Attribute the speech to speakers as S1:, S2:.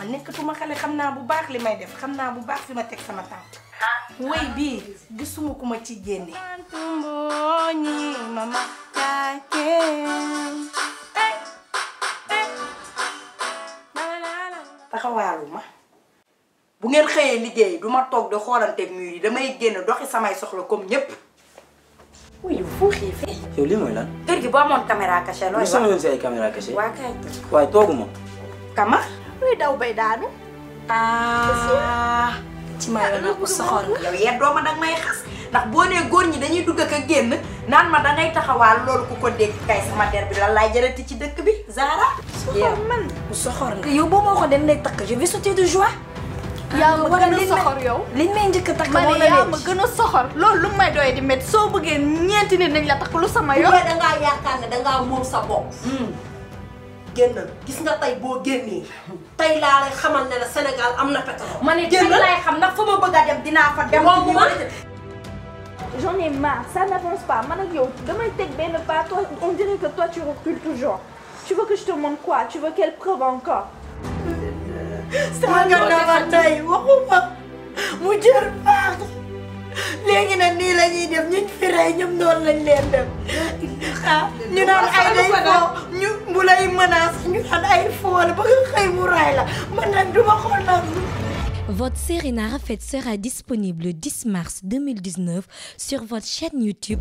S1: man nekkatuma xale xam naa bu baax li may def xam naa bu baax fi ma teg sama tànk woy bii gisuma ku ma ci génne taxawaaluma bu ngeen xëyee liggéey duma toog di xoolanteeg mur yi damay génn doxi samay soxla comme ñépp wuyu foo xiifee yow lii mooy lan kër gi boo amoon caméra cachée looy wax sama yoon si ay caméra cachée waaye tooguma kama bay daw bay daanu. ah ci ma yoon nag soxor nga yow yeddoo ma danga may xas ndax boo nee góor ñi dañuy dugg ak a génn naan ma dangay taxawaal loolu ku ko dégg kay sama der bi lan laay ci dëkk bi Zara. soxor man soxor nga yow boo ma waxoon dañ lay takk je vais sauter soxor yow liñ may njëkk a takk moo la yaa a soxor loolu lu may doy di met soo bëggee ñeenti nit nañ la takk lu sama yoon. bu da dangaa yaakaar ne dangaa moom sa bopp. génnal gis nga tey boo génnee tey laa lay xamal ne la Sénégal am na pétrole. ma ne tey laay xam nag fu ma bëgg a dem dinaa fa dem. moom ma j'en ai marre ça n'avance pas man ak yow damay teg benn pas toi on dirait que toi tu recules toujours tu veux que je te montre quoi tu veux quelle preuve encore. saa nga dama tey waxuma mu jër baax léegi nag nii la ñuy def ñu fi rey ñoom noonu lañ leen def ah ñu naan ay day foo lay menace ñu naan ay foole ba nga xëy mu raay la man nag du ma ko nangu. Votre série Nara Fête sera disponible le 10 mars 2019 sur votre chaîne YouTube.